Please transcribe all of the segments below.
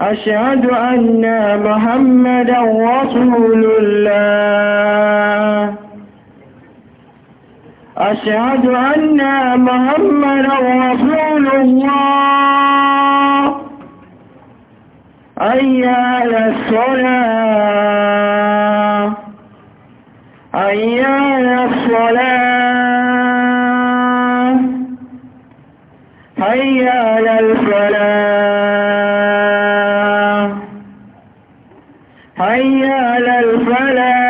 أشهد أن محمدا رسول الله أشهد أن محمدا رسول الله أي على الصلاة أي على الصلاة أي على الفلاح حي على الفلاح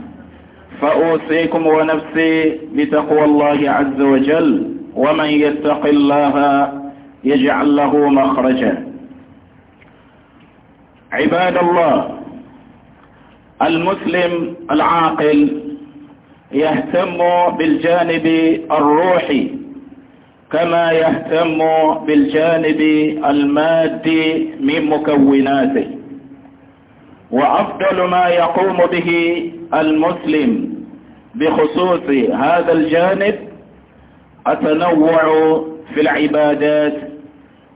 فأوصيكم ونفسي بتقوى الله عز وجل ومن يتق الله يجعل له مخرجا عباد الله المسلم العاقل يهتم بالجانب الروحي كما يهتم بالجانب المادي من مكوناته وأفضل ما يقوم به المسلم بخصوص هذا الجانب التنوع في العبادات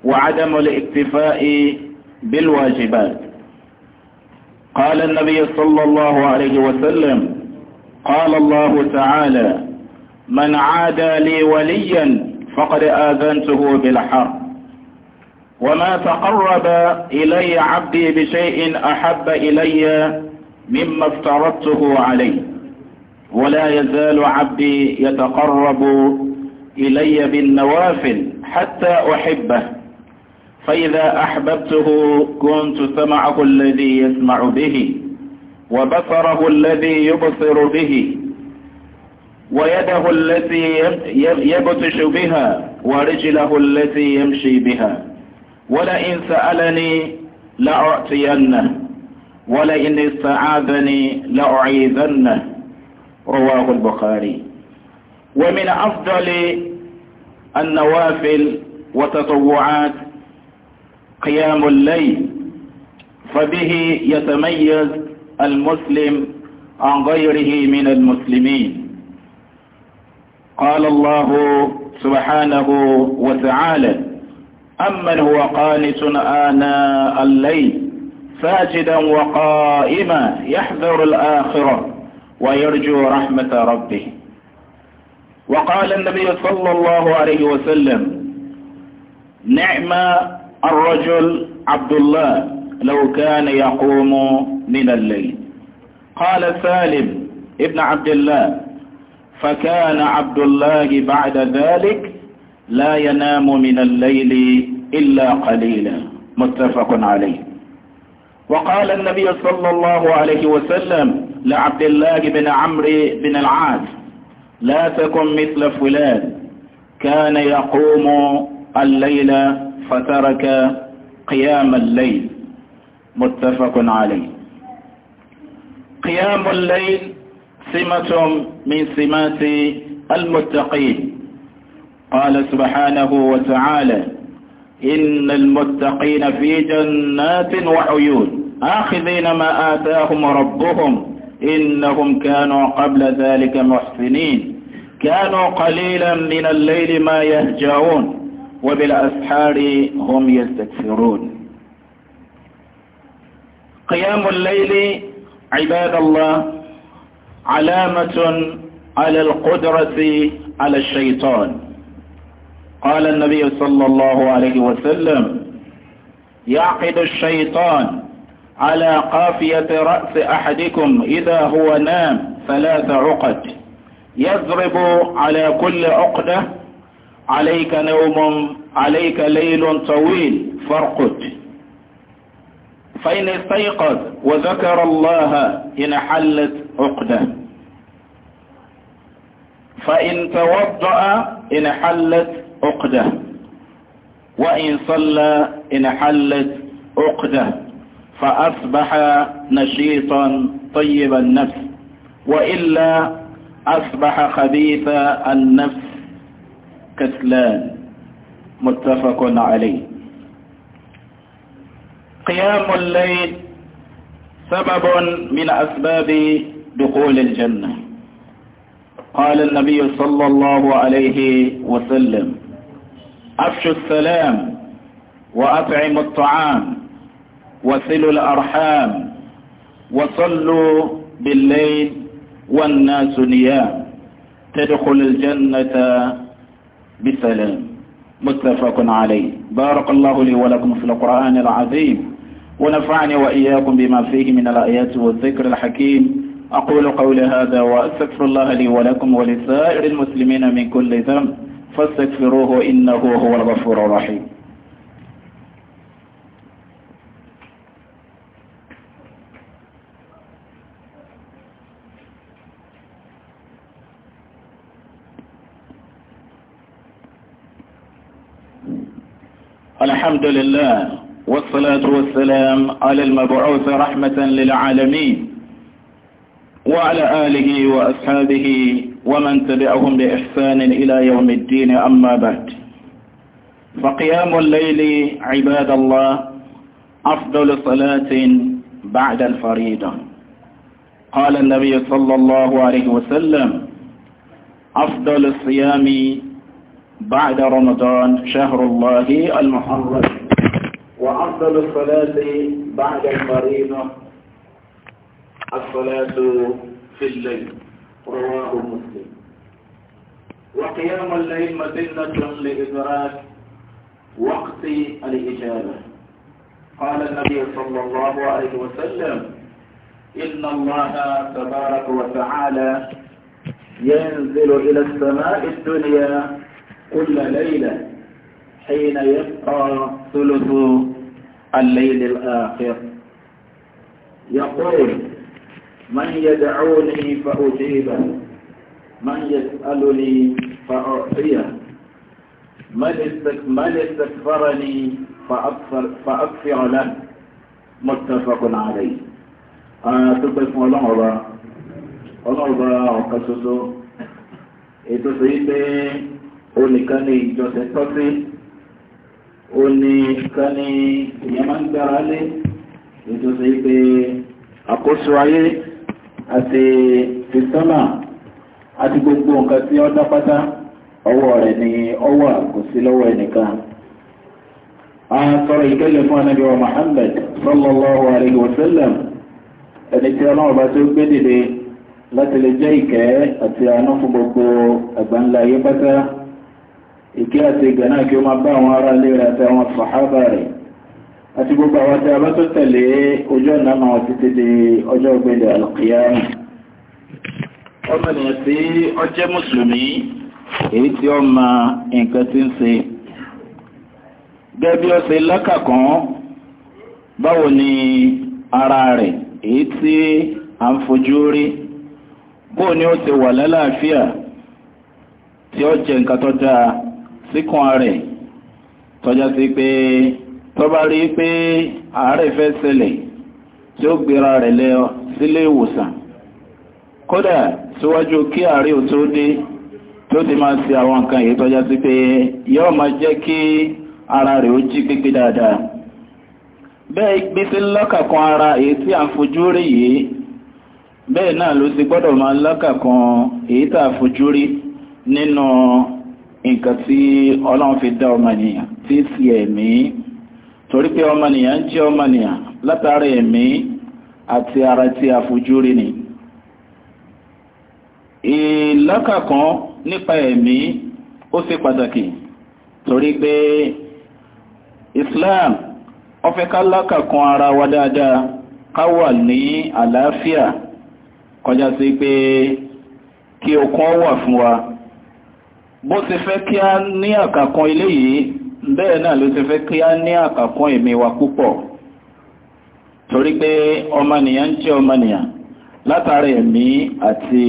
وعدم الاكتفاء بالواجبات قال النبي صلى الله عليه وسلم قال الله تعالى من عادى لي وليا فقد آذنته بالحرب وما تقرب إلي عبدي بشيء أحب إلي مما افترضته عليه ولا يزال عبدي يتقرب إلي بالنوافل حتى أحبه فإذا أحببته كنت سمعه الذي يسمع به وبصره الذي يبصر به ويده التي يبتش بها ورجله التي يمشي بها ولئن سألني لأعطينه ولئن استعاذني لأعيذنه رواه البخاري ومن أفضل النوافل وتطوعات قيام الليل فبه يتميز المسلم عن غيره من المسلمين قال الله سبحانه وتعالى أمن هو قانت آناء الليل ساجدا وقائما يحذر الآخرة ويرجو رحمة ربه وقال النبي صلى الله عليه وسلم نعم الرجل عبد الله لو كان يقوم من الليل قال سالم ابن عبد الله فكان عبد الله بعد ذلك لا ينام من الليل إلا قليلا متفق عليه وقال النبي صلى الله عليه وسلم لعبد الله بن عمرو بن العاص لا تكن مثل فلان كان يقوم الليل فترك قيام الليل متفق عليه قيام الليل سمة من سمات المتقين قال سبحانه وتعالى إن المتقين في جنات وعيون آخذين ما آتاهم ربهم إنهم كانوا قبل ذلك محسنين كانوا قليلا من الليل ما يهجعون وبالأسحار هم يستكثرون قيام الليل عباد الله علامة على القدرة على الشيطان قال النبي صلى الله عليه وسلم يعقد الشيطان على قافية رأس أحدكم إذا هو نام ثلاث عقد يضرب على كل عقدة عليك نوم عليك ليل طويل فارقد فإن استيقظ وذكر الله انحلت عقدة فإن توضأ انحلت عقدة وإن صلى انحلت عقدة فأصبح نشيطا طيب النفس وإلا أصبح خبيث النفس كسلان متفق عليه قيام الليل سبب من أسباب دخول الجنة قال النبي صلى الله عليه وسلم أفشوا السلام وأطعموا الطعام وسلوا الأرحام وصلوا بالليل والناس نيام تدخل الجنة بسلام متفق عليه بارك الله لي ولكم في القرآن العظيم ونفعني وإياكم بما فيه من الآيات والذكر الحكيم أقول قول هذا وأستغفر الله لي ولكم ولسائر المسلمين من كل ذنب فاستغفروه إنه هو الغفور الرحيم الحمد لله والصلاة والسلام على المبعوث رحمة للعالمين وعلى آله وأصحابه ومن تبعهم بإحسان إلى يوم الدين أما بعد فقيام الليل عباد الله أفضل صلاة بعد الفريضة قال النبي صلى الله عليه وسلم أفضل الصيام بعد رمضان شهر الله المحرم وأفضل الصلاة بعد الفريضة الصلاة في الليل رواه مسلم وقيام الليل مدنة لإدراك وقت الإجابة قال النبي صلى الله عليه وسلم إن الله تبارك وتعالى ينزل إلى السماء الدنيا كل ليلة حين يبقى ثلث الليل الآخر يقول من يدعوني فأجيبه من يسألني فأعطيه من استكبرني فأكفر, فأكفر له متفق عليه àtúgbẹ́ fún ọlọ́ọ̀bá الله ọ̀kan ṣoṣo ètò sọ yí pé onìkan ní ìjọsẹ̀ tọ́sí onìkan ní èèyàn máa ń gbára lé ètò sọ yí pé àkóso ayé àti fìsọ́nà àti gbogbo nǹkan tí ó dápátá ọwọ́ rẹ̀ ni ọwọ́ kò sí lọ́wọ́ ẹnìkan a sọ̀rọ̀ ìkẹ́lẹ̀ fún anábíwa Muhammad sallallahu alayhi wa sallam ẹni tí ọlọ́run bá tó gbé dìde láti lè jẹ́ ìkẹ́ àti àánú fún gbogbo àgbáńlá ayé pátá ìkẹ́ àti ìgbàna kí ó máa bá àwọn ará ilé rẹ̀ àti àwọn sàhábà rẹ̀ àti gbogbo àwọn tí a bá tó tẹ̀lé ojú ọ̀nà àwọn títí di ọjọ́ ọgbẹ́dẹ̀ alqiyama ọmọnìyàn tí ó mùsùlùmí èyí tí ó ma nǹkan tí ń ṣe gẹ́gẹ́ bí ó báwo ni ara rẹ̀ èyí tí a ń fojú rí bóò ni ó ti wà lálàáfíà tí ó jẹ nǹkan tó dáa síkùn rẹ̀ tọ́já sí pé tó rí pé àárẹ̀ fẹ́ ṣẹlẹ̀ tí ó gbéra rẹ̀ lọ sílé ìwòsàn kódà síwájú kí ààrẹ ò tó dé tó ti máa ṣe àwọn nǹkan èyí tọ́já sí pé yóò máa jẹ́ kí ara rẹ̀ ó jí pípé dáadáa bẹ́ẹ̀ gbé sí lọ́kàkan ara èyí tí à ń fojú rí yìí bẹ́ẹ̀ náà ló ti gbọ́dọ̀ máa lọ́kàkan èyí tà fojú rí nínú nǹkan tí ọlọ́run fi dá ọmọnìyàn tí sí ẹ̀mí torí pé ọmọnìyàn jẹ́ ọmọnìyàn látara ẹ̀mí àti ara tí a fojú rí ni. ìlọ́kàkan nípa ẹ̀mí ó ṣe pàtàkì torí pé Islam ó ká lọ́kàkan ara wa dáadáa ká wà ní àlàáfíà kọjá sí pé kí okun wà fún wa bó ti fẹ́ kí a ní àkàkan ilé yìí bẹ́ẹ̀ náà ló ti fẹ́ kí a ní àkàkan ẹ̀mí wa púpọ̀ torí pé ọmọnìyàn jẹ́ ọmọnìyàn látàrí ẹ̀mí àti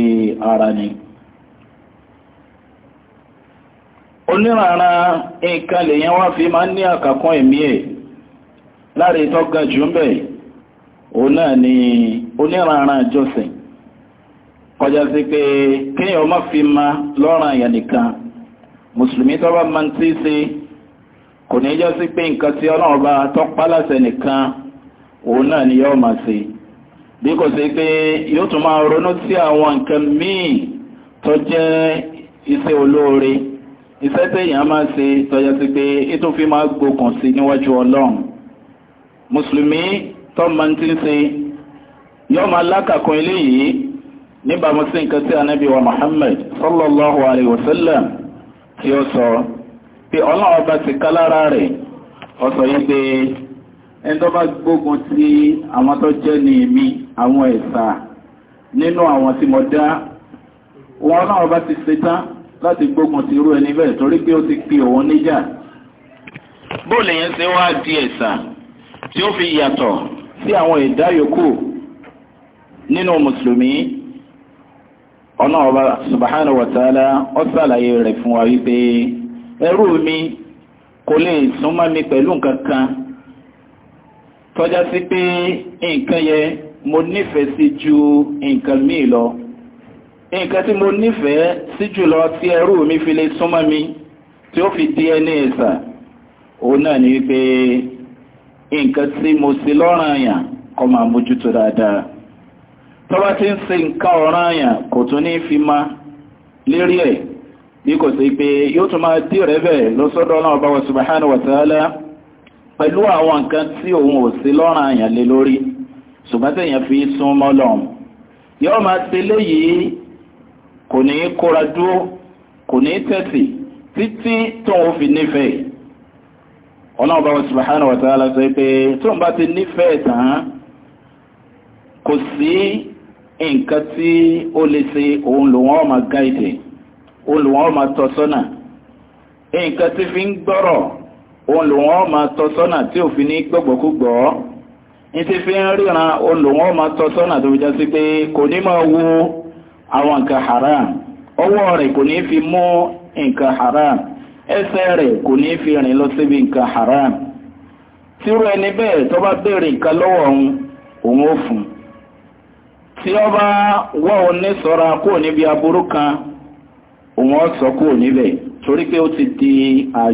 ara ni onírànà nǹkan lèyàn wá fi máa ń ní àkàkún ẹ̀mí ẹ̀ láre tó jù ń bẹ̀ òun náà ni onírànà jọ́sìn kọjá sí pé kéèyàn má fi ma lọ́ràn àyà nìkan mùsùlùmí tó bá máa ń tí sí kò ní jọ́ sí pé nǹkan tí ọlọ́run bá tọ́pá láṣẹ nìkan òun náà ni yóò máa ṣe bí kò sí pé yóò tún máa ronú sí àwọn nǹkan míì tó jẹ́ iṣẹ́ olóore iṣẹ́ tẹ̀yàn máa ṣe tọ́jà sí pé ètò fi máa gbókùn sí níwájú ọlọ́run mùsùlùmí tó máa ti ń ṣe yóò máa lákàkún eléyìí níbàámu sí nǹkan tí anábì wa Muhammad sallallahu alayhi wa sallam tí ó sọ pé ọlọ́run ọba ti ká lára rẹ̀ ó sọ yìí pé ẹni tó bá gbógun ti àwọn tó jẹ́ ní mi àwọn ẹ̀sà nínú àwọn tí mo dá wọn náà bá ti ṣetán láti gbógun ti irú ẹni bẹ́ẹ̀ torí pé ó ti pe òun níjà bóòlù yẹn ṣe wá di ẹ̀sà tí ó fi yàtọ̀ sí àwọn ẹ̀dá yòókù nínú mùsùlùmí ọ̀nà ọba subhanahu wa ta'ala sàlàyé rẹ̀ fún wa wípé ẹrú mi kò lè súnmọ́ mi pẹ̀lú nǹkan kan tọ́já sí pé nǹkan yẹn mo nífẹ̀ẹ́ sí ju nǹkan míì lọ nǹkan tí mo nífẹ̀ẹ́ sí jùlọ tí ẹrú mi fi lè súnmọ́ mi tí ó fi di ẹni ẹ̀sà òun náà ni wípé nǹkan tí mo sì lọ́ràn àyàn kó máa mójútó dáadáa tọ́ba ti ń ṣe nǹkan ọ̀ràn àyàn kò tún ní fi má lérí ẹ̀ bí kò sí pé yóò tún máa dí rẹ̀ bẹ́ẹ̀ lọ́sọ́dọ̀ náà bá wa subhanahu wa ta'ala pẹ̀lú àwọn nǹkan tí òun ò sí lọ́ràn àyàn lé lórí ṣùgbọ́n tẹ̀yàn fi sún mọ́ lọ́hùn yóò máa ṣe léyìí kò ní í kóra dúró kò ní í tẹ̀sì títí tóun fi nífẹ̀ẹ́ ọlọ́run bá wọn subhanahu wa ta'ala sọ pé tóun bá ti nífẹ̀ẹ́ tán kò sí nǹkan tí ó lè ṣe òun lòun ọ̀ máa gáìdì òun lòun ọ̀ máa tọ́ sọ́nà nǹkan tí fi ń gbọ́rọ̀ òun lòun ọ̀ máa tọ́ sọ́nà tí òfin ní gbọ́gbọ́kúgbọ́ ti fi ń ríran olùwọ́n máa tọ́ sọ́nà tó jẹ́ sí pé kò ní wo àwọn nǹkan haram ọwọ́ rẹ̀ kò ní fi mú nǹkan haram ẹsẹ̀ rẹ̀ kò ní fi rìn lọ síbi nǹkan haram tírú ẹni bẹ́ẹ̀ tó bá béèrè nǹkan lọ́wọ́ òun òun fún tí ó bá wọ́ òun sọ́ra kúrò níbi aburú kan òun ó sọ kúrò níbẹ̀ torí ti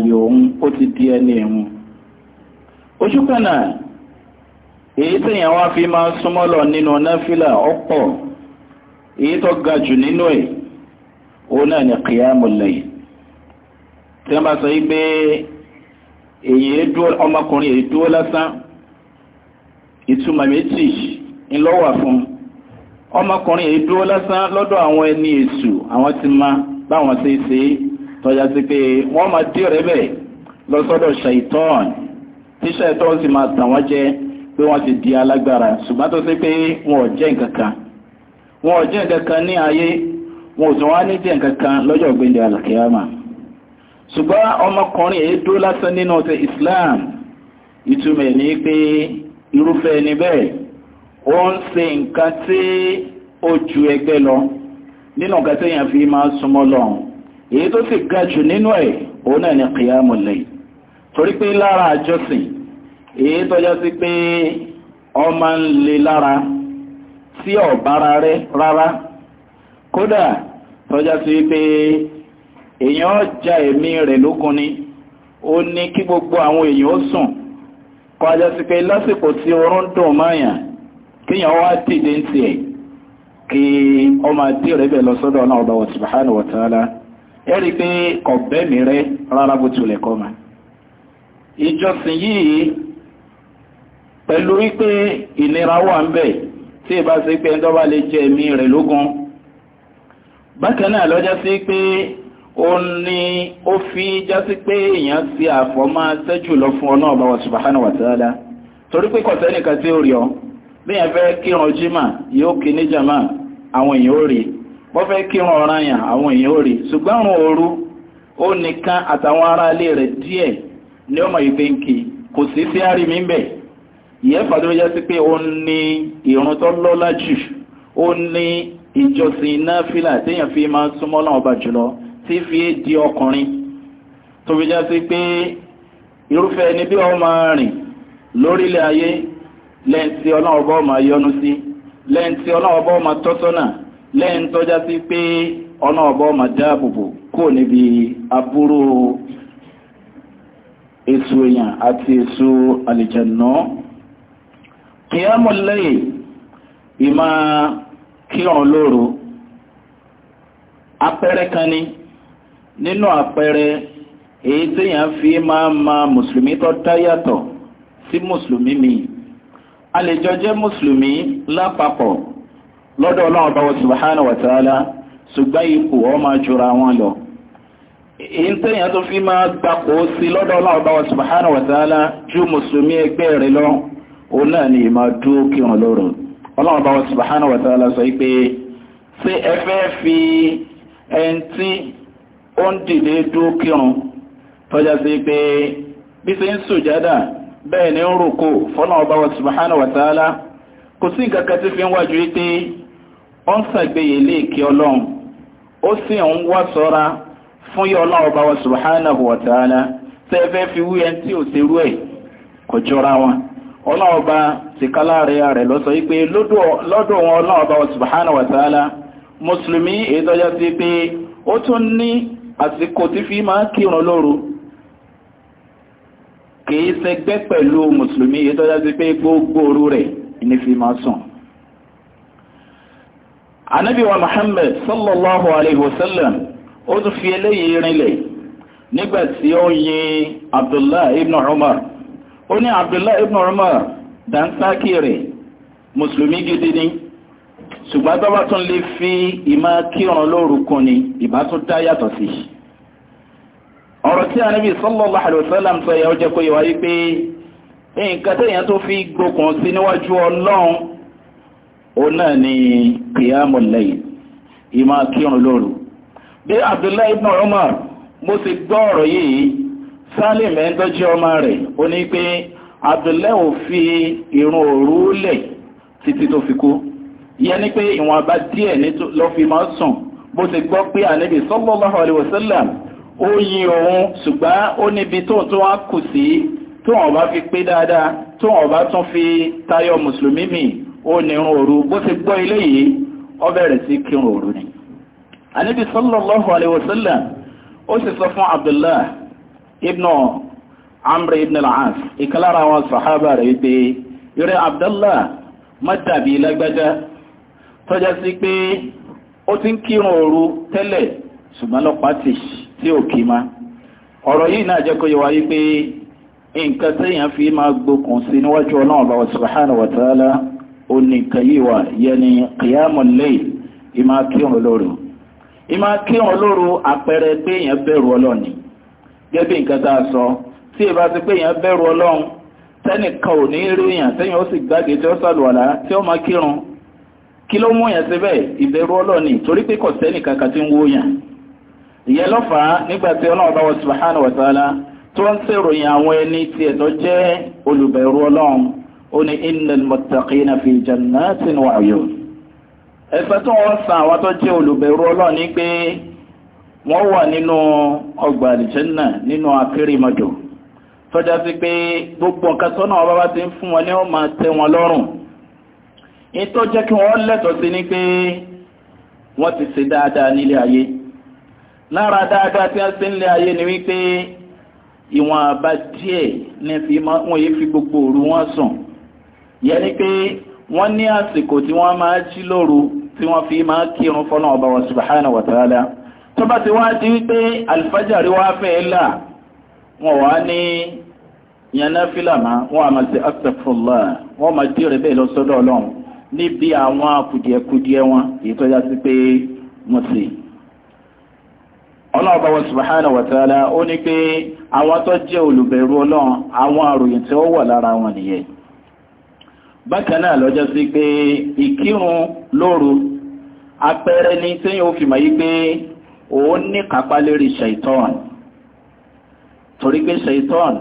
di òun ó ti di èyí tèèyàn wá fi máa súnmọ́ lọ nínú náfìlà ọ̀pọ̀ èyí tó ga jù nínú ẹ̀ òun náà ni qiyamul layl tí wọ́n bá sọ yìí pé èyí ọmọkùnrin èyí dúró lásán ìtumọ̀ méjì ńlọ́wà fún ọmọkùnrin èyí dúró lásán lọ́dọ̀ àwọn ẹni èṣù àwọn ti ma báwọn ṣe ṣe tọ́já sí pé wọ́n máa dí ọ̀rẹ́ bẹ̀ lọ sọ́dọ̀ ṣàìtọ́ọ̀n tí ṣàìtọ́ọ̀n sì máa tàn jẹ́ pé wọ́n ti di alágbára ṣùgbọ́n tó sí pé wọn ò jẹ́ nǹkankan wọn ò jẹ́ nǹkankan ní ayé wọn ò tún wá ní jẹ́ nǹkankan lọ́jọ́ ògbéǹde alàkíyàmà ṣùgbọ́n ọmọkùnrin èyí dó lásán nínú Islam ìtumọ̀ ní pé irúfẹ́ ẹni bẹ́ẹ̀ ó ń se nǹkan tí ó ju ẹgbẹ́ lọ nínú nǹkan tí èèyàn fi máa súnmọ́ lọ èyí tó sì ga jù nínú ẹ̀ òun náà ni èyí tọ́jọ́ sí pé ọmọ ń le lára tí ọ̀bára rẹ rárá kódà tọ́jọ́ sí pé èèyàn ja ẹ̀mí rẹ̀ lókun ni ó ní kí gbogbo àwọn èyàn ó sùn kọjá sí pé lásìkò tí oorun dùn mọ́yàn kíyàn wá dìde ń tiẹ̀ kí ọmọ àti rẹ̀ bẹ̀ lọ sọ́dọ̀ náà ọba subhanahu ẹ̀rí pé kọ̀bẹ́mì rẹ̀ rárá bó pẹ̀lú wípé ìlera wà ń bẹ̀ tí ìbá sí pé ẹjọ́ bá lè jẹ ẹ̀mí rẹ̀ lógún bákan náà lọ́jọ́ sí pé ó ní ó fi já sí pé èèyàn sí àfọ́má sẹ́jù lọ fún ọ̀nà ọba subhanahu wa ta'ala torí pé kọ̀tẹ́ nìkan tí ó rí ọ bí yẹn fẹ́ kírun jímà yóò kí ní jàmà àwọn èèyàn ó rí wọ́n fẹ́ kírun ọ̀ranyàn àwọn èèyàn ó rí ṣùgbọ́n àrùn òru ó nìkan àtàwọn aráalé rẹ̀ díẹ̀ ni ó mọ̀ kò sí sí àrí mi ń bẹ̀ ìyẹn fàdó yẹ sí pé ó ní ìrun tó lọ́lá jù ó ní ìjọsìn náfìlà téèyàn fi máa súnmọ́ náà ọba jùlọ tí fi di ọkùnrin tó fi já sí pé irúfẹ́ ẹni bí wọ́n máa rìn lórílẹ̀ ayé lẹ́ǹtí ọlọ́ọ̀bọ́ máa yọ́nú sí lẹ́ǹtí ọlọ́ọ̀bọ́ máa tọ́sọ́nà lẹ́yìn tó já sí pé ọ̀nà ọmọ dáàbòbò kò níbi aburú èso èèyàn àti èso àlìjànà kìyàmù lẹ́yìn ìmọ̀ kírun lóru apẹrẹ kan ni nínú apẹrẹ èyí téèyàn fi máa ma mùsùlùmí tó dá yàtọ̀ sí mùsùlùmí mi a lè jọ jẹ́ mùsùlùmí lápapọ̀ lọ́dọ̀ ọlọ́run subhanahu wa ta'ala ṣùgbọ́n ipò ọ máa jura wọn lọ èyí téèyàn tó fi máa gbapò sí lọ́dọ̀ ọlọ́run subhanahu wa ta'ala ju mùsùlùmí ẹgbẹ́ rẹ̀ lọ òun náà ni ìmọ̀ dúró kí wọn lóru ọlọ́run bá wọn wa ta'ala sọ pé ṣé ẹ fẹ́ fi ẹni tí ó ń dìde dúró kírun tọ́já sí pé bí ṣe ń sùjádà bẹ́ẹ̀ ni rùkú fọ́lọ́run bá wọn wa ta'ala kò sí nǹkan tí fi ń ọ wá ọlọ́ọba ti kálárẹ̀ rẹ̀ lọ́sọ wípé lọ́dọ̀ wọn ọlọ́ọba subhanahu wa ta'ala mùsùlùmí èdọ́já sí pé ó tún ní àsìkò tí fi máa kírun lóru kìí ṣẹgbẹ́ pẹ̀lú mùsùlùmí èdọ́já sí pé gbogbo òru rẹ̀ ní fi máa sùn Ànábì wa Muhammad sallallahu alaihi wasallam ó tún fi eléyìí rinlẹ̀ nígbàtí ó yin Abdullah ibn Umar ó ní abdullahi ibn umar dansakiri mùsùlùmí gidi ni ṣùgbọ́n tó bá tún lè fi ìmọ̀ kírun lórúkọ ni ìbá tún dá yàtọ̀ sí ọ̀rọ̀ tí ànábì sallallahu alaihi wasallam sọ yẹ ó jẹ́ kó yẹ wáyé ni qiyamul layl ìmọ̀ kírun lóru bí abdullahi ibn Salim ẹgbẹ́jẹ́ ọmọ rẹ̀ ó ní pé Abdullahi ò fi irun òru lẹ̀ títí tó fi kú yẹ ní pé ìwọ̀n bá díẹ̀ lọ fi máa sùn bó ti gbọ́ pé ànábì sallallahu alaihi wasallam ó yin òun ṣùgbọ́n ó níbi tó tó wá kù sí tó wọ́n bá fi pé dáadáa tó wọ́n bá tún fi tayọ sallallahu alaihi wasallam ó sì sọ ibnu amr ibn al-as ìkàlára àwọn sàhábà rẹ̀ wípé yorí abdullah má dàbí lágbájá tọ́já sí pé ó ti ń kírun òru tẹ́lẹ̀ ṣùgbọ́n lọ́pàá ti tí ò kí ma ọ̀rọ̀ yìí náà jẹ́ kó yẹ wá wípé nǹkan téèyàn fi máa gbókun sí níwájú ọlọ́run bá wa subhanahu wa ta'ala ó yẹni qiyamul ìmá kírun lóru ìmá kírun lóru àpẹẹrẹ pé èèyàn bẹ̀rù ọlọ́run gẹ́gẹ́ nǹkan tá a sọ tí ìbá ti pé èèyàn bẹ̀rù ọlọ́run tẹ́nìkan ò ní rí èèyàn tẹ́yìn ó sì gbáge tí ó sàlùwàlá tí ó máa kírun kí ló mú èèyàn síbẹ̀ ìbẹ̀rù ọlọ́run ni torí pé kò sẹ́nìkan kan tí ń wó yàn ìyẹn ló fà á nígbà tí ọlọ́run bá wọ subhanahu wa tó ń ṣèròyìn àwọn ẹni tí ẹ̀tọ́ jẹ́ olùbẹ̀rù ọlọ́run ó ní innal wọ́n wà nínú ọgbà àlìjẹ́nà nínú akérèmọdò tọ́já sí pé gbogbo nǹkan tọ́nà ọba bá ti ń fún wọn ní ó máa tẹ́ wọn lọ́rùn ní tó jẹ́ kí wọ́n lẹ́tọ̀ọ́ sí ni pé wọ́n ti se dáadáa nílé ayé lára dáadáa tí wọ́n ṣe nílé ayé ni wípé ìwọ̀n àbá díẹ̀ ní fi wọ́n yé fi gbogbo òru wọn sùn yẹ ni pé wọ́n ní àsìkò tí wọ́n máa jí lóru tí wọ́n fi máa kírun fọ́nà ọba wọn subhanahu wa tó bá ti wá di wípé alifájàrí wá fẹ́ là wọ́n wá ní yànnà fílàmà wọ́n àmà sí asàfùlà wọ́n máa dí bẹ́ẹ̀ lọ sọ́dọ̀ ọlọ́run níbi àwọn kùdìẹ̀kùdìẹ̀ wọn èyí tó yá sí pé sì wọn subhanahu wa ó ní pé àwọn tó ni òun ní kápá lérí ṣàìtọ́n torí pé ṣàìtọ́n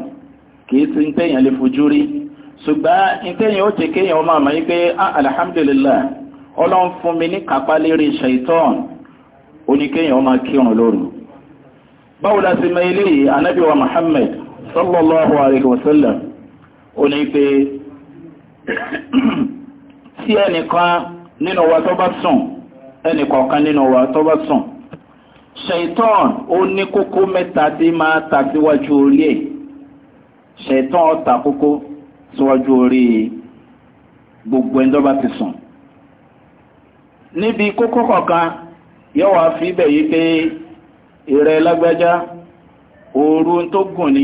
kìí ti ń tẹ́yàn lè fojú rí ṣùgbọ́n ìtẹ́yàn ó ti kéyàn ọmọ àmà yí pé ah, alhamdulillah ọlọ́run fún mi ní kápá lérí ṣàìtọ́n oníkéyàn ọmọ kírun lóru báwo la sì mọ ilé yìí anábì wa Muhammad sallallahu alayhi wa ó ní pé tí ẹnìkan nínú wa tó bá sùn ẹnìkọ̀ọ̀kan nínú wa tó bá sùn ṣètọ́n ó ní kókó mẹ́ta tí máa ta síwájú orí ẹ̀ ṣètọ́n ó ta kókó síwájú orí gbogbo ẹni tó bá ti sùn níbi kókó kọ̀ọ̀kan yóò wá fi bẹ̀ yí pé ìrẹ́ lágbájá òru tó gùn ni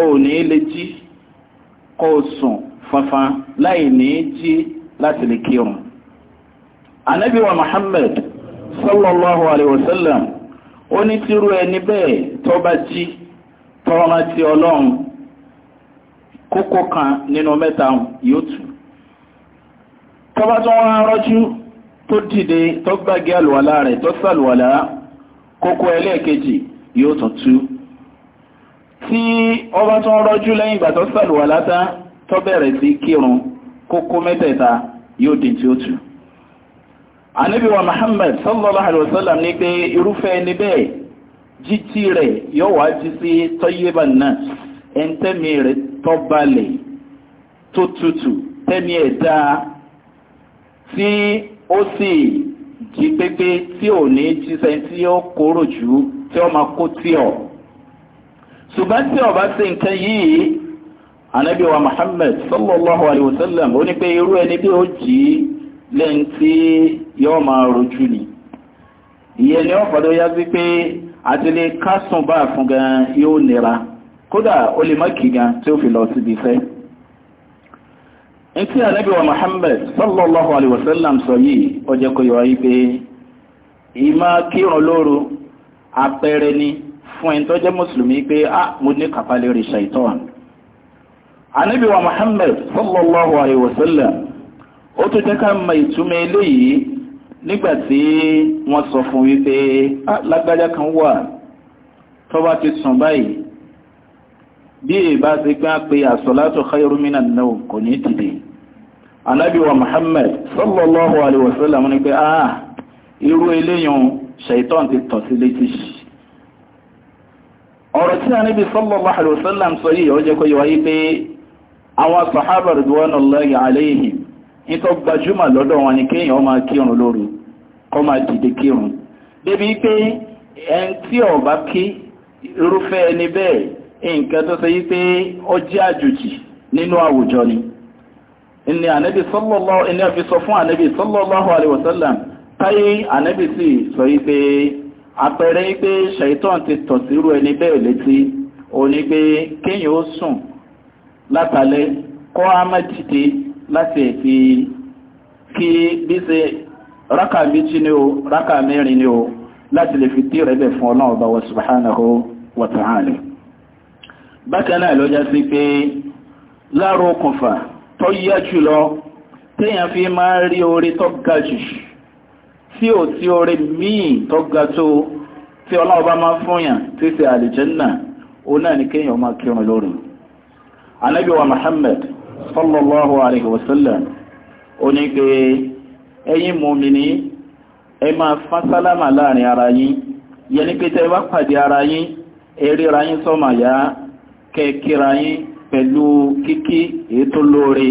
ò ní lè jí kó sùn fanfan láì ní jí láti lè kírun ànábì wa Muhammad sallallahu alayhi wa sallam ó ní tírú ẹni bẹ́ẹ̀ tó bá jí tó rántí ọlọ́run kókó kan nínú mẹ́ta yóò tù tó bá tún wá rọ́jú tó dìde tó gbàgbé àlùwàlá rẹ̀ tó sàlùwàlá kókó ẹlẹ́ẹ̀kejì yóò tún tú tí ọba tó rọ́jú lẹ́yìn ìgbà tó sàlùwàlá tán tó bẹ̀rẹ̀ sí kírun kókó mẹ́tẹ̀ẹ̀ta yóò dín ó tù wa muhammad sallallahu Alaihi Wasallam ni pe pé irúfẹ́ ẹni bẹ́ẹ̀ jíjí rẹ̀ yóò wá jí sí tọ́yébà náà ẹ̀ńtẹ́mi rẹ̀ tọ́balẹ̀ tó tutù tẹ́mi ẹ̀ dáa tí ó sì jí pépé tí ò ní jíṣẹ́ tí ó kóró jù tí ó máa kó tí ọ̀ ṣùgbọ́n tí ọba ṣe nǹkan yìí anabiwa muhammad sallallahu Alaihi Wasallam sallam ó ní pé irú ẹni bí ó jí lẹ́yìn tí yọ́ máa rojú ni ìyẹn ni ọ̀pọ̀lọ́ yá sí pé àtìlẹ́ kásùn bá fún gan yóò nira kódà ó lè mọ́kì gan tí ó fi lọ síbi fẹ́ ní tí ànábì wa Muhammad sallallahu alaihi wasallam sọ yìí ó jẹ́ kó yọ wáyé pé ìmá kírun lóru àpẹẹrẹ ni fún ẹni tó jẹ́ mùsùlùmí pé a ah, mo ní kàpá lórí ṣàìtọ́n ànábì wa Muhammad sallallahu alaihi wasallam ó tó jẹ́ ká mọ ìtumọ̀ eléyìí nígbàtí wọ́n sọ fún wípé ah, lágbájá kan wà tó bá ti sùn báyìí bí ìbá ti gbá pé as-salatu khairu minan nawm kò ní dìde anábì wa Muhammad sallallahu alaihi wasallam ní pé ah irú eléyìn ṣaitan ti tọ̀ sí létí ọ̀rọ̀ tí anábì sallallahu alaihi wasallam sọ yìí ó jẹ́ kó yọ wáyé pé àwọn sahaba ridwanullahi alaihim nítọ́ gbajúmọ̀ lọ́dọ̀ wọn ni kéèyàn máa kírun lóru kọ́ máa dìde kírun débi pé ẹn tí ó bá kí irúfẹ́ ẹni bẹ́ẹ̀ nǹkan tó sọ yí pé jẹ́ àjòjì nínú àwùjọ ni ni ànábì sallallahu ẹni àfi sọ fún ànábì sallallahu alaihi wasallam táyé ànábì sì sọ yí pé àpẹẹrẹ yí pé ṣàìtàn ti tọ̀ sírú ẹni bẹ́ẹ̀ létí òní pé kéèyàn ó sùn látàlẹ́ kọ́ á má dìde láti fi kí bí ṣe rákà méjì ni o rákà mẹ́rin ni o láti lè fi tí rẹ̀bẹ̀ fún ọlọ́run ọba wa subhanahu wa ta'ala bákan náà ló já sí pé láàrọ̀ okùnfà tó yá jùlọ téèyàn fi máa rí orí tó ga jù tí ò tí orí míì tó ga tó tí ọlọ́run bá máa fún yàn tí ṣe àlìjẹ́nnà òun náà ni kéèyàn máa kírun lórí anábíwa Muhammad sallallahu alaihi wasallam ó ní pé ẹ̀yin mùmínì ẹ máa fán sálámà láàrin ara yín yẹni pé tẹ́ bá pàdé ara yín eríra yín sọ́mà yá kẹ́kíra yín pẹ̀lú kíkí èyí tó lóore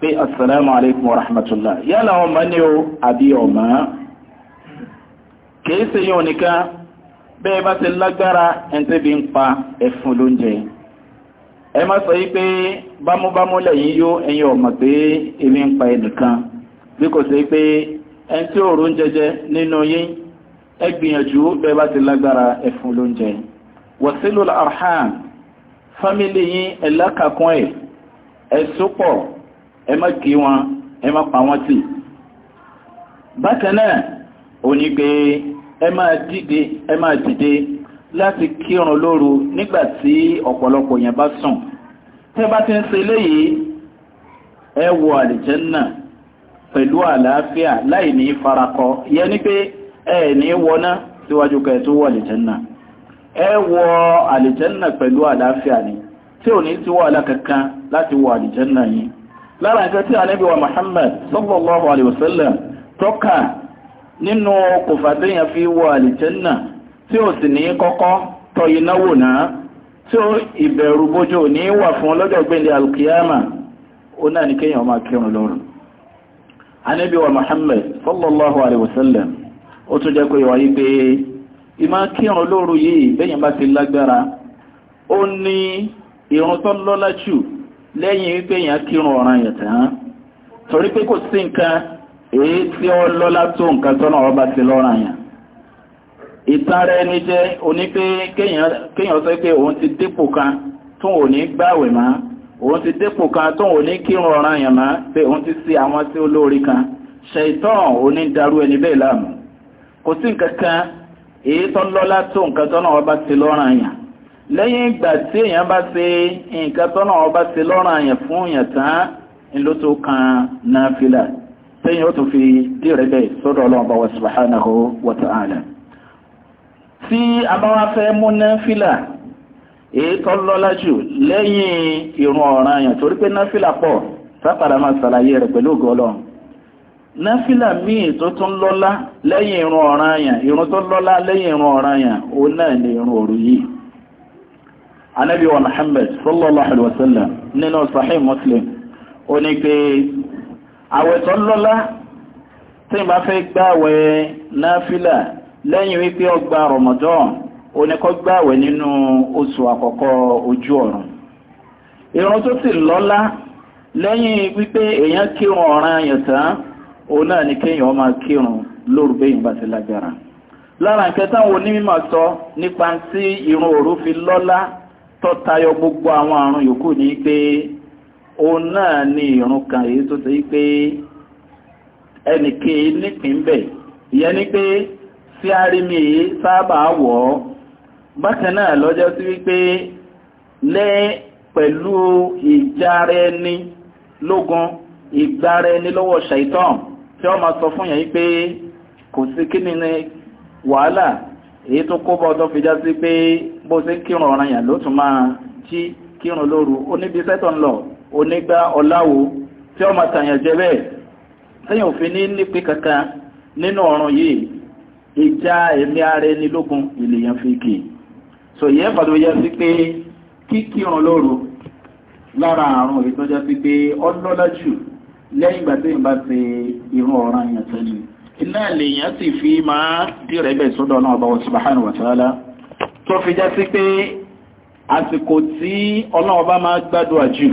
pé assalamu alaikum wa rahmatullah ẹ má sọ yí pé bámúbámú lẹ́yìn yó ẹ̀yin ò mọ̀ pé ebi ń pa ẹnìkan bí kò sí pé ẹni tí òòrùn jẹjẹ nínú yín ẹ gbìyànjú bẹ́ẹ̀ ti lágbára ẹ lóúnjẹ wasilul arham fámílì yín ẹ lákàkún ẹ ẹ sopọ̀ ẹ má kí wọn ẹ má pa wọn tì bákan náà ò ní pé ẹ máa dìde ẹ máa dìde láti kírun lóru nígbà tí ọ̀pọ̀lọpọ̀ yẹn bá sùn tẹ́ bá ti ń ṣe eléyìí ẹ wọ àlìjẹ́nnà pẹ̀lú àlàáfíà láì ní farakọ yẹ ní pé ẹ ní wọná síwájú kẹ tó wọ àlìjẹ́nnà ẹ wọ àlìjẹ́nnà pẹ̀lú àlàáfíà ni tí ò ní tí wọ́n alákankan láti wọ àlìjẹ́nnà yìí lára wa Muhammad sallallahu alaihi wasallam tọ́ka nínú tí ò sì ní kọ́kọ́ tọ iná wò náà tí ó ìbẹ̀rù bójú ò ní wà fún lọ́jọ́ gbẹ̀ndẹ̀ alkiyama ó náà ní kéèyàn máa kírun lọ́rùn anábí wa Muhammad sallallahu alaihi wasallam ó tún jẹ́ pé wà yí pé yìí bẹ́yìn bá ti lágbára ó ní tó lọ́lá jù lẹ́yìn wípé ọ̀ràn yẹn tán torí pé kò ìtara ẹni jẹ́ onípé kéèyàn sọ pé òun ti dépò kan tó ò ní gbàwẹ̀ má òun ti dépò kan tó ò ní kírun ọ̀ràn yàn má pé òun ti sí àwọn tí olóore kan ṣèitán darú ẹni bẹ́ẹ̀ kò sí èyí tó lọ́lá tó nǹkan ti lọ́ràn yàn lẹ́yìn ìgbà tí bá ṣe nǹkan tó ti lọ́ràn yàn fi bẹ́ẹ̀ sọ́dọ̀ ọlọ́run wa subhanahu wa tí a bá wá fẹ́ mú náfìlà èyí tó lọ́lá jù lẹ́yìn ìrun ọ̀ranyàn torí pé náfìlà pọ̀ sápàdà máa ṣàlàyé rẹ̀ pẹ̀lú ògo Ọlọ́run míì tó tún lọ́lá lẹ́yìn ìrun ọ̀ranyàn ìrun tó lọ́lá lẹ́yìn ìrun ọ̀ranyàn ó náà ní òru yìí wa sallallahu alaihi Muslim ó ní pé àwẹ̀ lọ́lá tí n lẹ́yìn wípé ọgbà Ramadan oníkọ́gbàwẹ̀ nínú oṣù àkọ́kọ́ ojú ọ̀run irun tó sì lọ́lá lẹ́yìn wípé èyàn kírun ọ̀ràn yẹn tán òun náà ni kéèyàn máa kírun lóru bẹ́yìn bá ti lágbára lára nkẹta wo ní mímọ̀ sọ nípa tí irun òru fi lọ́lá tó tayọ gbogbo àwọn àrùn yòókù ní pé òun náà ni irun kan èyí tó ṣe pé ẹnìkan nípìn bẹ́ẹ̀ ìyẹn ni pé tí a rí mi sábà wọ̀ ọ́ bákan náà lọ́jọ́ sí wípé lẹ́ pẹ̀lú ìjára ẹni lógun ìgbára ẹni lọ́wọ́ ṣàìtàn tí wọ́n máa sọ fún yẹn wípé kò sí kí ni wàhálà èyí tó kó bọ́ tó fi já sí pé bó ṣe kírun ọ̀ràn yẹn ló tún máa jí kírun lóru oníbi sẹ́tọ̀ ń lọ onígbà ọ̀làwò tí wọ́n máa tàyàn jẹ bẹ́ẹ̀ sẹ́yìn òfin ní nípe kankan nínú ọ̀ràn yìí ìjà ẹ̀mí ara ẹni lógun ènìyàn fi kì so ìyẹn pàdó yẹ sí pé kíkírun lóru lára àrùn ìtọ́já sí pé ọlọ́lá jù lẹ́yìn ìgbà tí ìbá ti irun ọ̀ràn èèyàn tẹ́lẹ̀ iná lèèyàn sì fi máa dìrẹ̀ ẹgbẹ̀ sọ́dọ̀ náà bá wọ́n subhanahu wa ta'ala tó fi já sí pé àsìkò tí bá máa gbàdúrà jù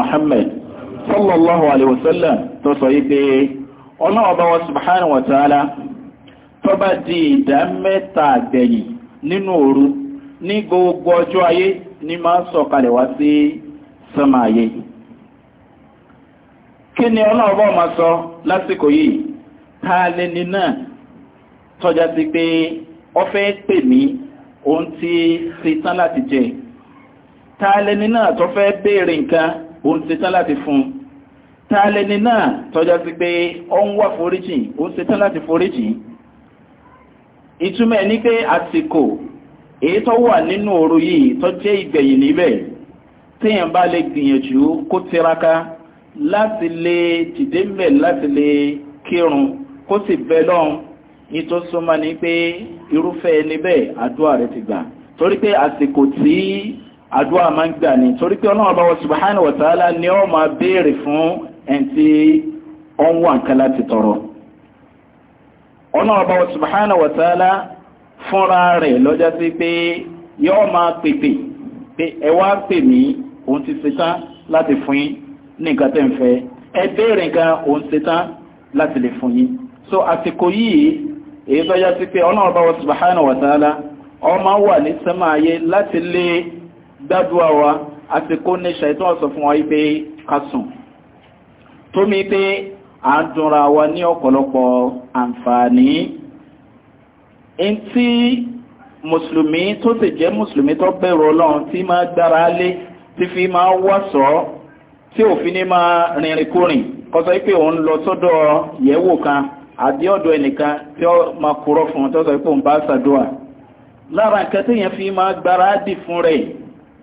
Muhammad sallallahu alaihi wasallam tó sọ yí pé ọlọ́wọ́ wa subhanahu wa ta'ala bá di ìdá mẹ́ta nínú òru ní gbogbo ọjọ́ ayé máa sí ayé kí ni ọlọ́wọ́ ma sọ lásìkò yìí ta ti ó ń ṣetán láti fún ta lẹni náà tọ́já sí pé ó ń wá foríjìn ó ń ṣetán láti foríjìn ìtumọ̀ ní pé àsìkò èyí tó wà nínú òru yìí tó jẹ́ ìgbẹ̀yìn níbẹ̀ téèyàn bá lè gbìyànjú kó tiraka láti lè dìde mbẹ̀ láti lè kírun kó sì bẹ lọ́n ìtò súnmọ́ ni pé irúfẹ́ ẹni àdúrà rẹ̀ ti gbà torí pé àsìkò tí àdúrà máa ń gbà ní torí pé ọlọ́run báwọ̀ subhanahu wa ta'ala ni ó máa béèrè fún ẹni tí ó ń wà nǹkan láti tọrọ ọlọ́run báwọ̀ subhanahu wa ta'ala fúnra rẹ̀ lọ́jọ́ sí pé yóò máa pèpè pé ẹ wá pè mí òun ti ṣetán láti fún yín ní nǹkan tẹ́ ń fẹ́ ẹ béèrè nǹkan òun ṣetán láti lè fún yín so àsìkò yìí èyí tọ́já sí pé ọlọ́run báwọ̀ subhanahu wa ta'ala ó máa wà ní sẹ́mà ayé láti lé dádúwà wa àsìkò ní ṣàìtọ́ ọ̀sọ̀ fún wa ipé kásùn tó mi pé à ń dúnra wa ní ọ̀pọ̀lọpọ̀ àǹfààní in tí mùsùlùmí tó sì jẹ́ mùsùlùmí tó bẹ̀rù ọlọ́run tí máa gbára lé tí fi máa wàṣọ tí òfin ní máa rìnrìn kúrìn kọ́sọ́ pé òun lọ sọ́dọ̀ yẹ̀wò kan àbí ọ̀dọ̀ ẹnìkan tí ó máa kúrọ̀ fún tó sọ òun bá ṣàdúà lára nǹkan tí yẹn fi máa gbára dì fún rẹ̀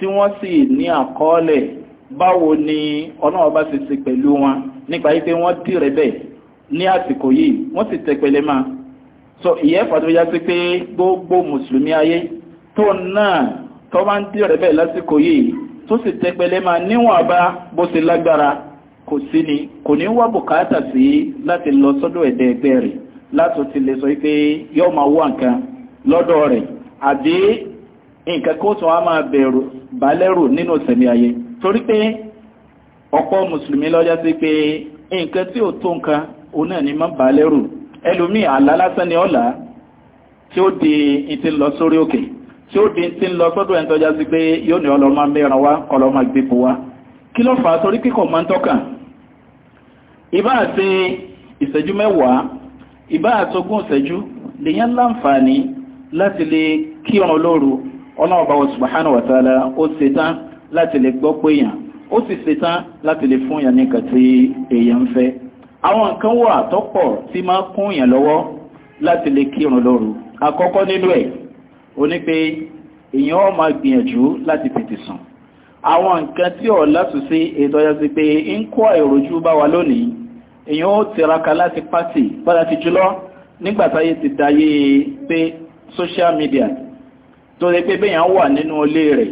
tí wọ́n sì ní àkọọ́lẹ̀ báwo ni ọlọ́run bá ṣe ṣe pẹ̀lú wọn nípa wípé wọ́n dìrẹ̀ bẹ̀ ní àsìkò yìí wọ́n sì tẹ̀pẹ̀lẹ̀ máa so ìyẹn fàtúwẹ́já sí pé gbogbo mùsùlùmí ayé tó náà tó bá ń dìrẹ̀ bẹ̀ lásìkò yìí tó sì tẹ̀pẹ̀lẹ̀ máa níwọ̀n bá bó ṣe lágbára kò sí ni kò ní wá bùkátà sí láti lọ sọ́dọ̀ ẹ̀dẹ́ ẹgbẹ́ rẹ̀ látò ti lè sọ pé yóò máa wá nǹkan lọ́dọ̀ rẹ̀ àbí nǹkan kó tún á máa bẹ̀rù balẹ́rù nínú ìsẹ̀mí ayé torí pé ọ̀pọ̀ mùsùlùmí lọ́jọ́ sí pé nǹkan tí ò tó nǹkan òun náà ni máa balẹ́rù ẹlòmíì àlá ni ọ̀la tí ó di ti ń lọ sórí òkè tí ó di ti ń lọ sọ́dọ̀ ẹni tọ́já sí pé yóò ní ọlọ́mọ mẹ́ran wá ọlọ́mọ gbépo wá kí ló fà á torí kíkọ̀ máa ń tọ́ka ìbá àti ìṣẹ́jú mẹ́wàá ìbá àtogún ìṣẹ́jú lèyàn láǹfààní láti lè kí ọ̀run lóru ọlọ́run bá wọn subhanahu wa ta'ala ó ṣetán láti lè gbọ́ pé yàn ó sì ṣetán láti lè fún yàn nìkan tí èèyàn ń fẹ́ àwọn nǹkan wà tọ́pọ̀ tí máa kún yàn lọ́wọ́ láti lè kírun lóru àkọ́kọ́ nínú ẹ̀ ó ní pé èèyàn ó máa gbìyànjú láti tètè sùn àwọn nǹkan tí ọ̀ látúnṣe ètò ọjọ́ sí pé ń kó àìròjú bá wa lónìí èèyàn ó tiraka láti pàtì padà ti jùlọ nígbàtayé ti dayé pé social media tó ṣe pé bẹ́yàn wà nínú ilé rẹ̀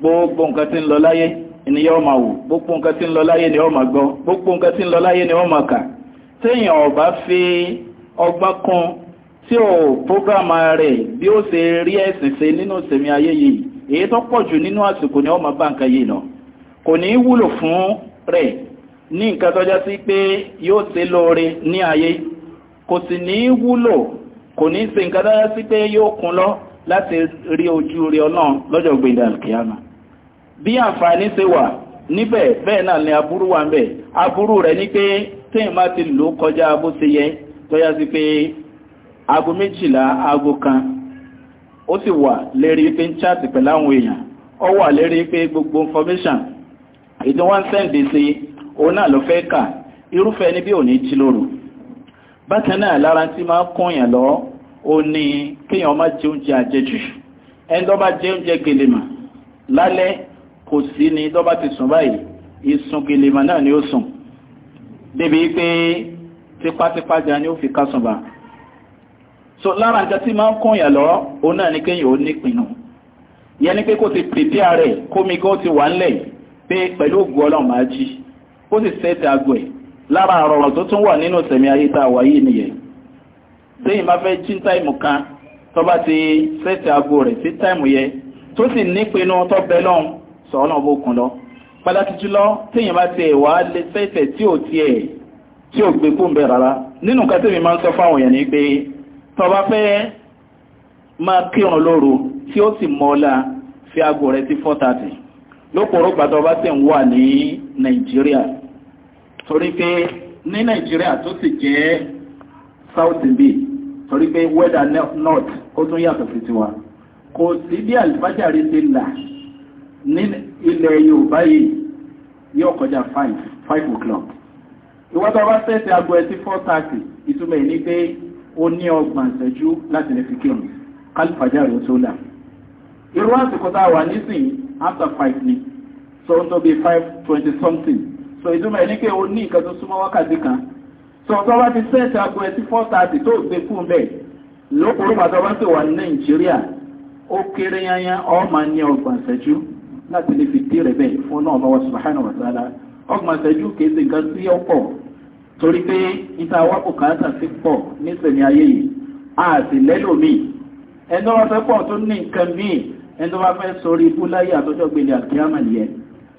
gbogbo nǹkan tí ń lọ láyé ni yóò máa wò gbogbo nǹkan tí ń lọ láyé ni ó máa gbọ́ gbogbo nǹkan tí ń lọ láyé ni ó máa kà téèyàn ò bá fi ọgbọ́n kún tí ò prógrámà rẹ̀ bí ó ṣe rí ẹ̀sìn ṣe nínú ìsinmi ayé yìí èyí tó pọ̀ jù nínú àsìkò ni ó máa bá nǹkan yìí lọ kò ní wúlò fún rẹ̀ ní nǹkan tọ́já sí pé yóò ṣe lóore ní ayé kò sì ní wúlò kò ní ṣe nǹkan tọ́já sí pé yóò kún lọ láti rí ojú rí ọlọ́run lọ́jọ́ gbìndà alkiyama bí àǹfààní ṣe wà níbẹ̀ bẹ́ẹ̀ náà ni aburú wà ń bẹ̀ aburú rẹ̀ ní pé tíyàn má ti lò kọjá bó ṣe yẹ tọ́yá sí pé aago méjìlá aago kan ó sì wà lérí pé ń chat pẹ̀lú àwọn èèyàn ó wà lérí pé gbogbo information ètò wọ́n sẹ́ǹdì sí òun náà ló fẹ́ kà irúfẹ́ ní bí ò ní lóru bákan náà lára tí máa kún yàn lọ́wọ́ ó ní kíyàn má jẹ oúnjẹ àjẹjù ẹni tó bá jẹ oúnjẹ gèlèmà lálẹ́ kò sí ni tó bá ti sùn báyìí ìsùn gèlèmà náà ni ó sùn débi pé tipátipá jẹ́ ni ó fi kásùn bá so lára nǹkan tí máa ń kún yàn lọ òun náà ni kéèyàn ó nípinnu yẹn ni pé kó ti pèpè rẹ̀ kómi kó ti wà ńlẹ̀ pé pẹ̀lú ògùn ọlọ́run máa jí ó sì sẹ́ẹ̀tì àgbẹ̀ lára àrọ̀rọ̀ tó tún wà nínú sẹ̀mí ayé tá a wà nìyẹn tẹ́yìn bá fẹ́ jí táìmù kan tó bá ti sẹ́ẹ̀tì aago rẹ̀ sí táìmù yẹ tó sì nípinnu tó bẹ lọ́hùn sọ̀rọ̀ náà bó kun lọ pàtàkì jùlọ tẹ́yìn bá ti wà á lè sẹ́ẹ̀tì tí ò tiẹ̀ tí ò gbé kún bẹ rárá nínú nǹkan tẹ́mi máa ń sọ fáwọn èèyàn ni pé tó bá fẹ́ máa kírun lóru tí ó sì mọ́lá fi aago rẹ̀ sí four thirty lópòrò gbàtọ́ bá tẹ̀ ń wà ní nàìjíríà torí pé ní nàìjíríà tó sì jẹ́ south bay torí pé wẹ́dà north ó tún yàtọ̀ sí tiwa kò sí bí àlùfájàre ti là ní ilẹ̀ yorùbá yìí yóò kọjá five five o'clock ìwọ́ta bá tẹ́sí aago ẹ̀ sí four thirty ìtumọ̀ ní pé ó ní ọgbọ̀n ìṣẹ́jú láti lè fi kírun kálífàjàre ó tó là irú àsìkò tá a wà nísìn after five ni so ó tó bí five twenty something so ìtumọ̀ ní pé ó ní nǹkan tó súnmọ́ wákàtí kan tọ́tọ́ bá ti sẹ́ẹ̀tì aago ẹtí four thirty tó gbé fún bẹ́ẹ̀ lókùrú bàtọ́ bá ti wà ní nàìjíríà ó kéré yányá ọmọ ní ọgbọ̀n ìṣẹ́jú láti lè fi dé rẹ̀ bẹ́ẹ̀ fún náà lọ́wọ́ subhanahu wa ta'ala ọgbọ̀n ìṣẹ́jú kìí ṣe nǹkan sí ọ̀pọ̀ torí pé níta wá kò káàtà sí pọ̀ nísìnyí ayé yìí a sì lẹ́lòmíì ẹni tó fẹ́ pọ̀ tó ní nǹkan míì ẹni tó bá fẹ́ sọrí ibú láyé àtọ́jọ́ gbélé àkíyàmà nìyẹn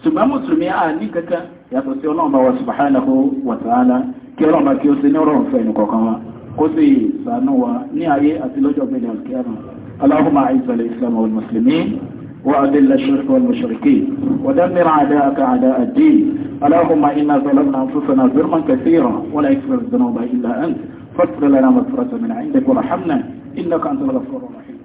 ṣùgbọ́n mùsùlùmí à ní kankan اللهم اعز الاسلام والمسلمين wa subhanahu وأذل الشرك والمشركين ودمر أعداءك أعداء الدين اللهم إنا ظلمنا أنفسنا ظلما كثيرا ولا يكفر الذنوب إلا أنت فاغفر لنا مغفرة من عندك ورحمنا إنك أنت الغفور الرحيم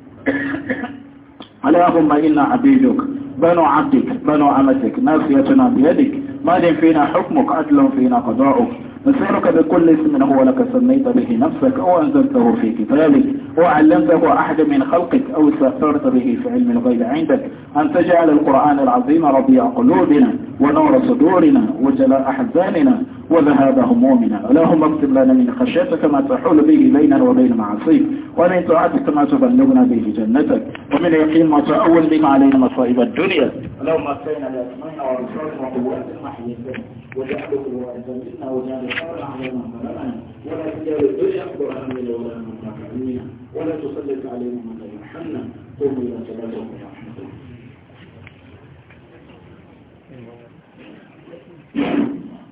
اللهم إنا عبيدك بنو عبدك بنو عمتك ناصيتنا بيدك مال فينا حكمك عدل فينا قضاؤك نسألك بكل اسم هو لك سميت به نفسك أو أنزلته في كتابك أو علمته أحد من خلقك أو استأثرت به في علم الغيب عندك أن تجعل القرآن العظيم ربيع قلوبنا ونور صدورنا وجلاء أحزاننا وذهاب همومنا اللهم اكتب لنا من خشيتك ما تحول به بيننا وبين معصيك ومن طاعتك ما تبلغنا به جنتك ومن يقين ما تأول بما علينا مصائب الدنيا اللهم اكتبنا لأسمائنا ورسولنا وقوات المحيطين وجعلوا وعزمنا وجعل الشر علينا مهرنا ولا تجعل الدنيا أكبر همنا ولا مبلغ ولا تسلط علينا من لا يرحمنا قوموا إلى صلاتكم ورحمة